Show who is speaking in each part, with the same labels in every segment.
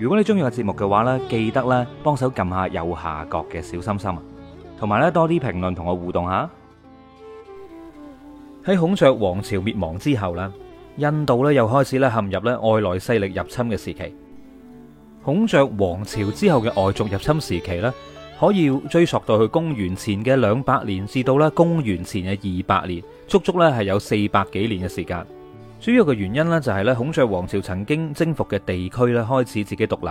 Speaker 1: 如果你中意個節目嘅話呢，記得咧幫手撳下右下角嘅小心心，同埋咧多啲評論同我互動下。喺孔雀王朝滅亡之後呢，印度咧又開始咧陷入咧外來勢力入侵嘅時期。孔雀王朝之後嘅外族入侵時期咧，可以追溯到去公元前嘅兩百年至到咧公元前嘅二百年，足足咧係有四百幾年嘅時間。主要嘅原因呢，就係咧，孔雀王朝曾經征服嘅地區咧，開始自己獨立。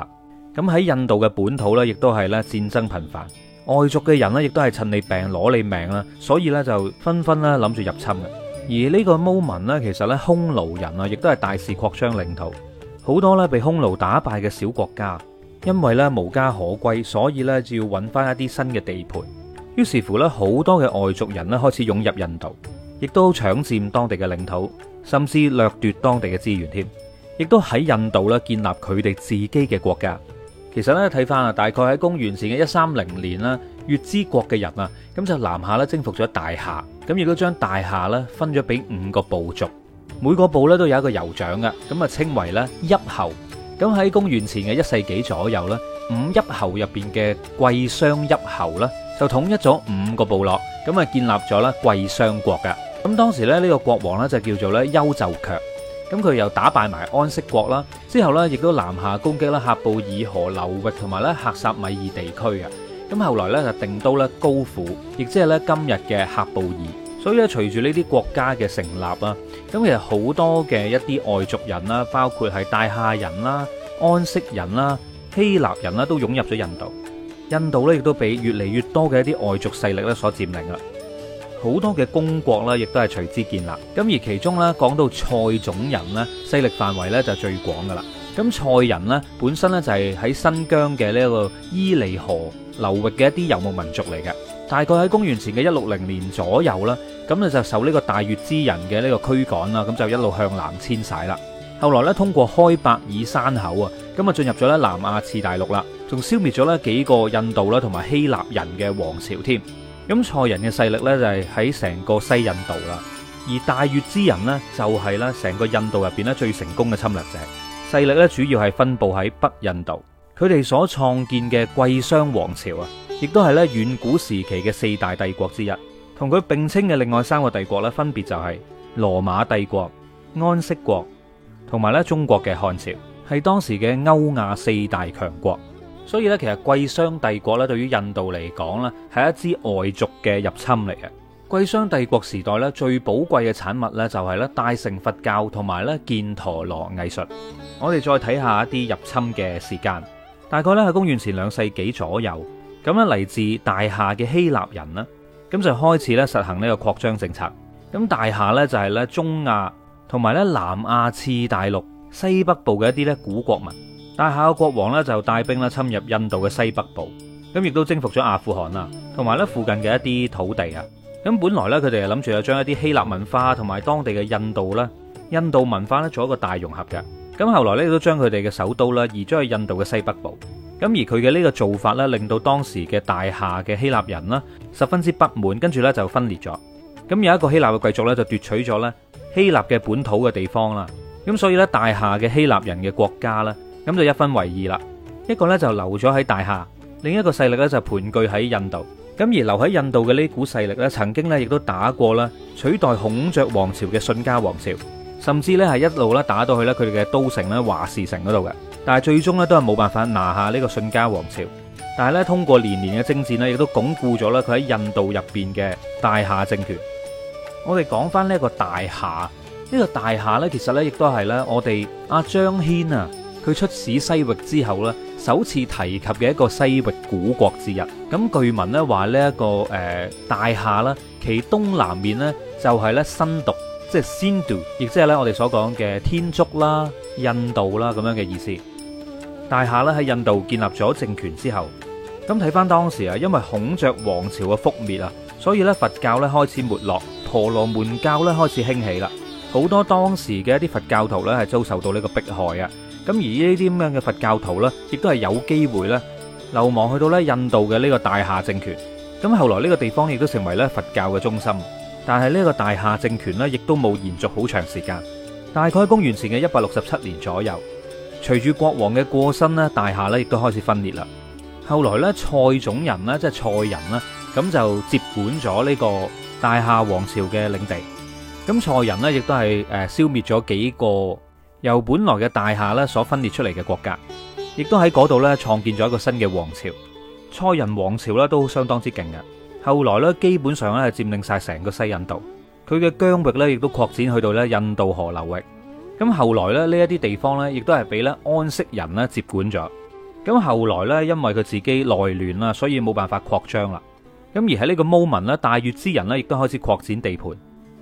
Speaker 1: 咁喺印度嘅本土呢，亦都係咧戰爭頻繁，外族嘅人呢，亦都係趁你病攞你命啦。所以咧，就紛紛咧諗住入侵嘅。而呢個 moment 呢，其實呢，匈奴人啊，亦都係大肆擴張領土，好多呢，被匈奴打敗嘅小國家，因為呢，無家可歸，所以呢，就要揾翻一啲新嘅地盤。於是乎呢，好多嘅外族人呢，開始湧入印度，亦都搶佔當地嘅領土。甚至掠奪當地嘅資源，添亦都喺印度建立佢哋自己嘅國家。其實咧睇返，大概喺公元前嘅一三零年啦，月氏國嘅人啊，咁就南下征服咗大夏，咁亦都將大夏分咗俾五個部族，每個部咧都有個酋長嘅，咁啊稱為咧邑侯。咁喺公元前嘅一世紀左右咧，五邑侯入邊嘅貴霜邑侯啦，就統一咗五個部落，咁啊建立咗貴霜國嘅。咁當時咧，呢個國王呢，就叫做呢丘就卻，咁佢又打敗埋安息國啦，之後呢亦都南下攻擊啦，喀布爾河流域同埋咧克薩米爾地區嘅。咁後來呢，就定都咧高附，亦即係咧今日嘅喀布爾。所以咧，隨住呢啲國家嘅成立啊，咁其實好多嘅一啲外族人啦，包括係大夏人啦、安息人啦、希臘人啦，都湧入咗印度。印度呢，亦都畀越嚟越多嘅一啲外族勢力咧所佔領啦。好多嘅公國呢，亦都係隨之建立。咁而其中呢，講到塞種人呢，勢力範圍呢，就最廣噶啦。咁塞人呢，本身呢，就係喺新疆嘅呢個伊犁河流域嘅一啲游牧民族嚟嘅。大概喺公元前嘅一六零年左右啦，咁啊就受呢個大月氏人嘅呢個驅趕啦，咁就一路向南遷徙啦。後來呢，通過開伯爾山口啊，咁啊進入咗呢南亞次大陸啦，仲消滅咗呢幾個印度啦同埋希臘人嘅王朝添。咁塞人嘅勢力呢，就係喺成個西印度啦，而大月氏人呢，就係咧成個印度入邊呢最成功嘅侵略者，勢力呢，主要係分佈喺北印度，佢哋所創建嘅貴霜王朝啊，亦都係咧遠古時期嘅四大帝國之一，同佢並稱嘅另外三個帝國呢，分別就係羅馬帝國、安息國同埋咧中國嘅漢朝，係當時嘅歐亞四大強國。所以咧，其實貴霜帝國咧，對於印度嚟講咧，係一支外族嘅入侵嚟嘅。貴霜帝國時代咧，最寶貴嘅產物咧，就係咧大乘佛教同埋咧犍陀羅藝術。我哋再睇下一啲入侵嘅時間，大概咧喺公元前兩世紀左右。咁咧嚟自大夏嘅希臘人啦，咁就開始咧實行呢個擴張政策。咁大夏咧就係咧中亞同埋咧南亞次大陸西北部嘅一啲咧古國民。大夏嘅國王咧就帶兵咧侵入印度嘅西北部，咁亦都征服咗阿富汗啦，同埋咧附近嘅一啲土地啊。咁本來咧佢哋係諗住咧將一啲希臘文化同埋當地嘅印度咧印度文化咧做一個大融合嘅。咁後來咧亦都將佢哋嘅首都咧移咗去印度嘅西北部。咁而佢嘅呢個做法咧令到當時嘅大夏嘅希臘人啦十分之不滿，跟住咧就分裂咗。咁有一個希臘嘅貴族咧就奪取咗咧希臘嘅本土嘅地方啦。咁所以咧大夏嘅希臘人嘅國家咧。咁就一分為二啦，一個呢就留咗喺大夏，另一個勢力呢就盤踞喺印度。咁而留喺印度嘅呢股勢力呢，曾經呢亦都打過啦，取代孔雀王朝嘅信家王朝，甚至呢係一路呢打到去呢佢哋嘅都城咧華氏城嗰度嘅。但係最終呢都係冇辦法拿下呢個信家王朝。但係呢，通過連年嘅征戰呢，亦都鞏固咗呢佢喺印度入邊嘅大夏政權。我哋講翻呢一個大夏，呢、這個大夏呢，其實呢亦都係咧我哋阿張騫啊。佢出使西域之後咧，首次提及嘅一個西域古國之一。咁據聞咧話呢一個誒、呃、大夏啦，其東南面咧就係咧新毒，即係仙毒，亦即係咧我哋所講嘅天竺啦、印度啦咁樣嘅意思。大夏咧喺印度建立咗政權之後，咁睇翻當時啊，因為孔雀王朝嘅覆滅啊，所以咧佛教咧開始沒落，婆羅門教咧開始興起啦。好多當時嘅一啲佛教徒咧係遭受到呢個迫害啊。咁而呢啲咁樣嘅佛教徒呢，亦都係有機會咧流亡去到咧印度嘅呢個大夏政權。咁後來呢個地方亦都成為咧佛教嘅中心。但係呢個大夏政權呢，亦都冇延續好長時間。大概公元前嘅一百六十七年左右，隨住國王嘅過身呢，大夏呢亦都開始分裂啦。後來呢，塞種人呢，即係塞人呢，咁就接管咗呢個大夏王朝嘅領地。咁塞人呢，亦都係誒消滅咗幾個。由本來嘅大夏咧所分裂出嚟嘅國家，亦都喺嗰度咧創建咗一個新嘅王朝。初人王朝咧都相當之勁嘅，後來咧基本上咧佔領晒成個西印度，佢嘅疆域咧亦都擴展去到咧印度河流域。咁後來咧呢一啲地方咧亦都係俾咧安息人咧接管咗。咁後來咧因為佢自己內亂啦，所以冇辦法擴張啦。咁而喺呢個 moment 咧大月氏人咧亦都開始擴展地盤。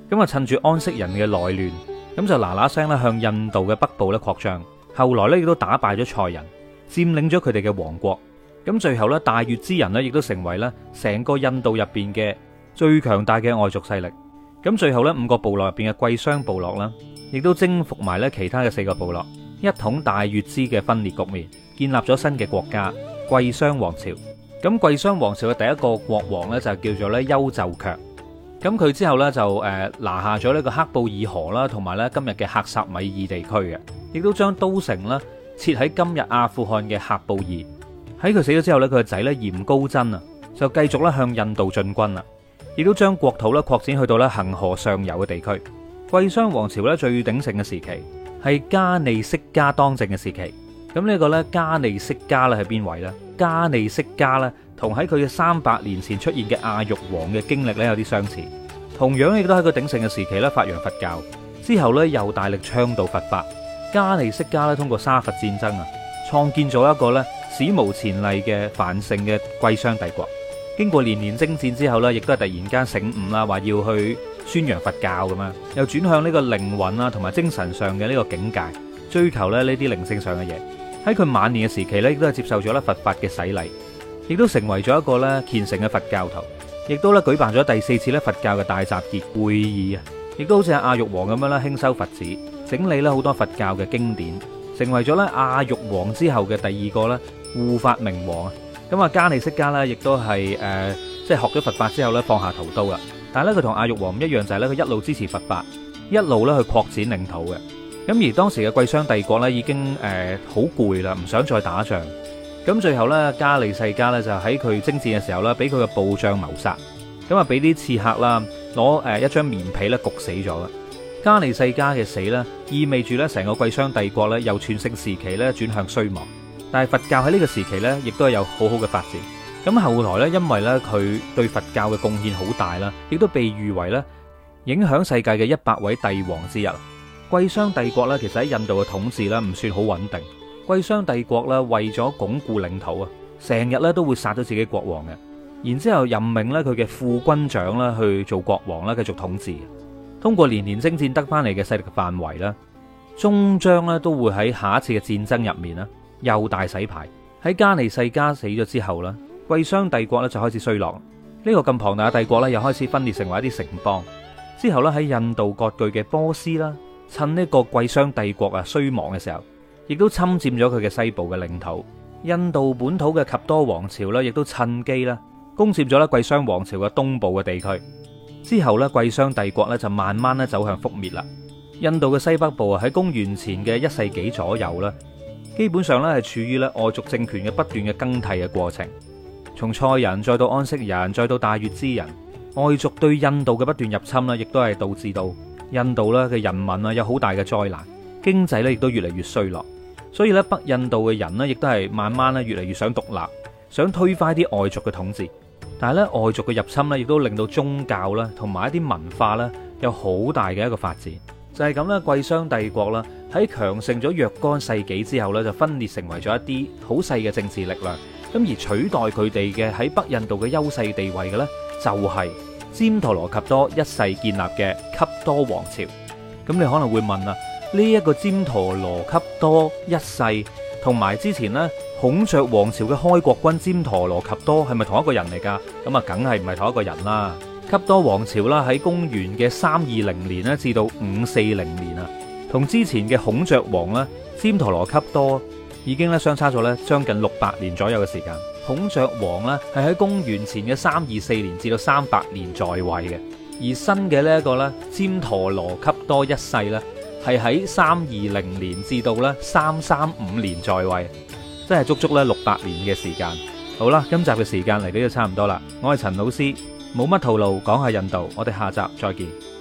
Speaker 1: 咁啊趁住安息人嘅內亂，咁就嗱嗱聲咧向印度嘅北部咧擴張，後來咧亦都打敗咗塞人，佔領咗佢哋嘅王國。咁最後咧大越支大月氏人呢，亦都成為咧成個印度入邊嘅最強大嘅外族勢力。咁最後咧五個部落入邊嘅貴霜部落啦，亦都征服埋咧其他嘅四個部落，一統大月氏嘅分裂局面，建立咗新嘅國家貴霜王朝。咁貴霜王朝嘅第一個國王呢，就叫做咧丘就強。咁佢之後呢，就誒拿下咗呢個喀布爾河啦，同埋咧今日嘅克什米爾地區嘅，亦都將都城呢設喺今日阿富汗嘅喀布爾。喺佢死咗之後呢，佢個仔呢，閻膏珍啊，就繼續咧向印度進軍啦，亦都將國土咧擴展去到咧恒河上游嘅地區。貴霜王朝咧最鼎盛嘅時期係加尼色迦當政嘅時期。咁呢個咧加尼色迦咧係邊位呢？加尼色迦咧？同喺佢嘅三百年前出現嘅阿育王嘅經歷咧，有啲相似。同樣亦都喺個鼎盛嘅時期咧，發揚佛教之後咧，又大力倡導佛法。迦尼色加咧，通過沙佛戰爭啊，創建咗一個咧史無前例嘅繁盛嘅貴霜帝國。經過年年征戰之後咧，亦都係突然間醒悟啦，話要去宣揚佛教咁啊，又轉向呢個靈魂啦同埋精神上嘅呢個境界追求咧呢啲靈性上嘅嘢。喺佢晚年嘅時期咧，亦都係接受咗咧佛法嘅洗禮。亦都成為咗一個咧虔誠嘅佛教徒，亦都咧舉辦咗第四次咧佛教嘅大集結會議啊！亦都好似阿育王咁樣啦，興修佛寺，整理啦好多佛教嘅經典，成為咗咧阿育王之後嘅第二個咧護法明王啊！咁啊，迦膩色迦啦，亦都係誒、呃、即係學咗佛法之後咧放下屠刀啦，但係咧佢同阿育王唔一樣，就係咧佢一路支持佛法，一路咧去擴展領土嘅。咁而當時嘅貴霜帝國咧已經誒好攰啦，唔想再打仗。咁最後呢，加利世家呢就喺佢征戰嘅時候呢，俾佢嘅部將謀殺，咁啊俾啲刺客啦攞誒一張棉被呢焗死咗嘅。加利世家嘅死呢，意味住呢成個貴霜帝國呢，由全盛時期呢轉向衰亡。但係佛教喺呢個時期呢，亦都係有好好嘅發展。咁後來呢，因為呢，佢對佛教嘅貢獻好大啦，亦都被譽為呢影響世界嘅一百位帝王之一。貴霜帝國呢，其實喺印度嘅統治呢，唔算好穩定。貴霜帝國啦，為咗鞏固領土啊，成日咧都會殺咗自己國王嘅，然之後任命咧佢嘅副軍長啦去做國王啦，繼續統治。通過連年征戰得翻嚟嘅勢力範圍啦，終將咧都會喺下一次嘅戰爭入面啦，又大洗牌。喺加尼世家死咗之後啦，貴霜帝國咧就開始衰落。呢個咁龐大嘅帝國咧，又開始分裂成為一啲城邦。之後咧喺印度割據嘅波斯啦，趁呢個貴霜帝國啊衰亡嘅時候。亦都侵占咗佢嘅西部嘅領土，印度本土嘅笈多王朝啦，亦都趁機啦攻占咗咧貴霜王朝嘅東部嘅地區。之後咧，貴霜帝國咧就慢慢咧走向覆滅啦。印度嘅西北部啊，喺公元前嘅一世紀左右啦，基本上咧係處於咧外族政權嘅不斷嘅更替嘅過程。從塞人再到安息人，再到大月氏人，外族對印度嘅不斷入侵啦，亦都係導致到印度咧嘅人民啊有好大嘅災難，經濟咧亦都越嚟越衰落。所以咧，北印度嘅人咧，亦都係慢慢咧越嚟越想獨立，想推翻啲外族嘅統治。但係咧，外族嘅入侵咧，亦都令到宗教咧，同埋一啲文化咧，有好大嘅一個發展。就係咁啦，貴霜帝國啦，喺強盛咗若干世紀之後咧，就分裂成為咗一啲好細嘅政治力量。咁而取代佢哋嘅喺北印度嘅優勢地位嘅咧，就係旃陀羅笈多一世建立嘅笈多王朝。咁你可能會問啊？呢一個旃陀羅笈多一世，同埋之前呢孔雀王朝嘅開國君旃陀羅笈多係咪同一個人嚟噶？咁啊，梗係唔係同一個人啦。笈多王朝啦，喺公元嘅三二零年咧至到五四零年啊，同之前嘅孔雀王呢旃陀羅笈多已經咧相差咗咧將近六百年左右嘅時間。孔雀王呢係喺公元前嘅三二四年至到三百年在位嘅，而新嘅呢一個咧，旃陀羅笈多一世呢。係喺三二零年至到咧三三五年在位，即係足足咧六百年嘅時間。好啦，今集嘅時間嚟到就差唔多啦。我係陳老師，冇乜套路，講下印度。我哋下集再見。